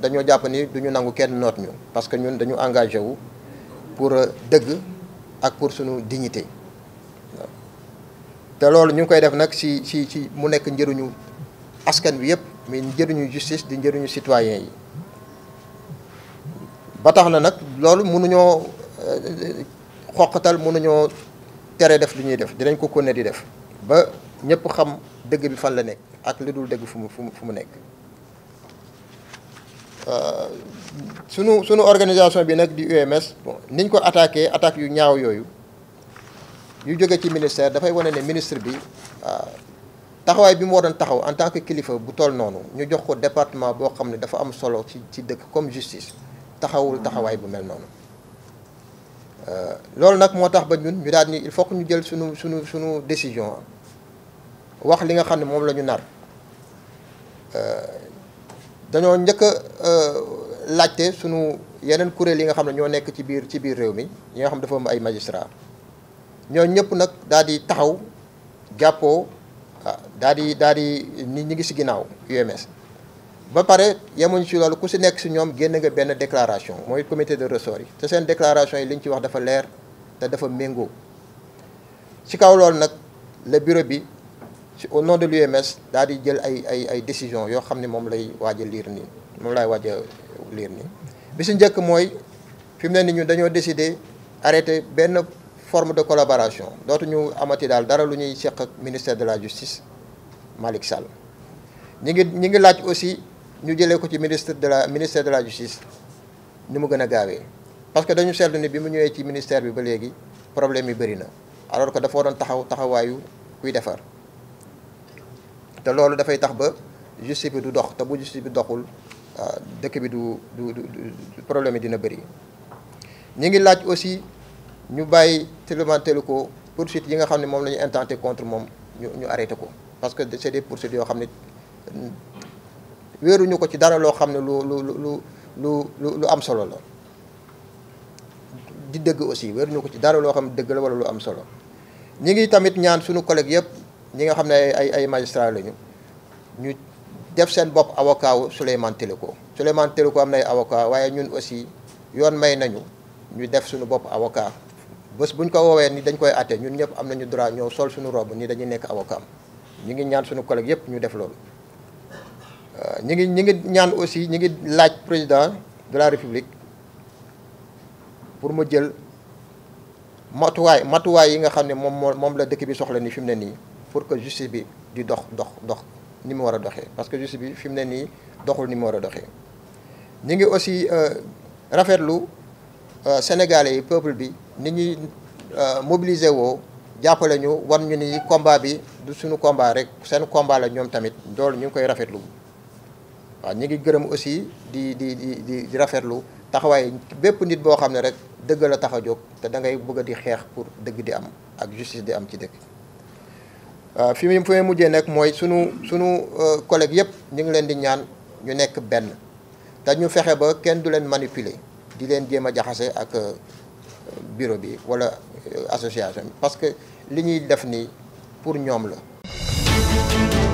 dañoo jàpp ni du ñu nangu kenn noot ñu parce que ñun dañu engagé wu pour dëgg ak pour suñu dignité te loolu ñu ngi koy def nag ci ci si mu nekk njëriñu askan bi yëpp mais njëriñu justice di njëriñu citoyen yi ba tax na nag loolu mënuñoo euh, xoqatal mënuñoo tere def lu ñuy def dinañ ko kone di def ba ñëpp xam dëgg bi fan la nekk ak li dul dëgg fu fu mu fu mu nekk Euh, sunu sunu organisation bi nag di UMS bon niñ ko attaqué attaque yu ñaaw yooyu yu jóge ci ministère dafay wane ne ministre bi euh, taxawaay bi mu waroon taxaw en tant que kilifa bu tool noonu ñu jox ko département boo xam ne dafa am solo ci ci dëkk comme justice taxawul taxawaay bu mel noonu euh, loolu nag moo tax ba ñun ñu daal ni il faut ñu jël sunu sunu sunu décision wax li nga xam ne moom lañu ñu nar dañoo njëkk laajte sunu yeneen kuréel yi nga xam ne ñoo nekk ci biir ci biir réew mi yi nga xam dafa am ay magistrat ñoo ñëpp nag daal di taxaw jàppoo ah, daal di daal di ñi ñi ngi si ginnaaw UMS ba pare yemuñ si loolu ku si nekk si ñoom génn nga benn déclaration mooy comité de ressort yi te seen déclaration yi li ñu ci wax dafa leer te dafa méngoo ci kaw loolu nag le bureau bi au non de l'UMS daal di jël ay ay ay décision yoo xam ne moom lay waaj a nii moom lay waaje liir nii bi si njëkk mooy fi mu ne ni ñu dañoo décider arrêté benn forme de collaboration dootuñu amati daal dara lu ñuy seq ak ministère de la justice Malick Sall ñi ngi ñi ngi laaj aussi ñu jëlee ko ci ministre de la ministère de la justice ñu mu gën a gaawee parce que dañu seetlu ni bi mu ñëwee ci ministère bi ba léegi problème yi bëri na alors que dafa doon taxaw taxawaayu kuy defar te loolu dafay tax ba justice bi du dox te bu justice bi doxul waaw euh, dëkk bi du du du problème yi dina bëri ñu ngi laaj aussi ñu bàyyi Souleymane ko poursuite yi nga xam ne moom la ñu intenté contre moom ñu ñu arrêté ko parce que c'est des poursuites yoo xam ne wéeruñu ko ci dara loo xam ne lu lu lu lu lu am solo la di dëgg aussi wéeruñu ko ci dara loo xam ne dëgg la wala lu am solo ñu ngi tamit ñaan suñu collègue yëpp ñi nga xam ne ay ay magistrat lañu ñu def seen bopp avocat wu Souleymane Téliko Souleymane Téliko am nay avocat waaye ñun aussi yoon may nañu ñu def suñu bopp avocat bés buñ ko woowee ni dañ koy atte ñun ñëpp am nañu droit ñëw sol suñu robe ni dañuy nekk avocat ñu ngi ñaan suñu collègue yëpp ñu def loolu euh, ñu ngi ñu ngi ñaan aussi ñu ngi laaj président de la république pour mu jël matuwaay matuwaay yi nga xam ne moom moom la dëkk bi soxla ni fi mu ne nii pour que justice bi di dox dox dox ni mu war a doxee parce que justice bi fi mu ne nii doxul ni mu war a doxee ñu ngi aussi euh, rafetlu euh, Sénégalais yi peuple bi ni ñuy euh, mobiliser woo jàppale ñu wan ñu ni combat bi du suñu combat rek seen combat la ñoom tamit loolu ñu ngi koy rafetlu waaw ñu ngi gërëm aussi di di di di rafetlu taxawaay bépp nit boo xam ne rek dëgg la tax jóg te da ngay bëgg di xeex pour dëgg di am ak justice di am ci dëkk. waaw euh, fi mu may mujjee nekk mooy sunu sunu euh, collègue yëpp ñu ngi leen di ñaan ñu nekk benn te ñu fexe ba kenn du leen manipuler di leen jéem a jaxase ak euh, bureau bi wala association bi parce que li ñuy def nii pour ñoom la.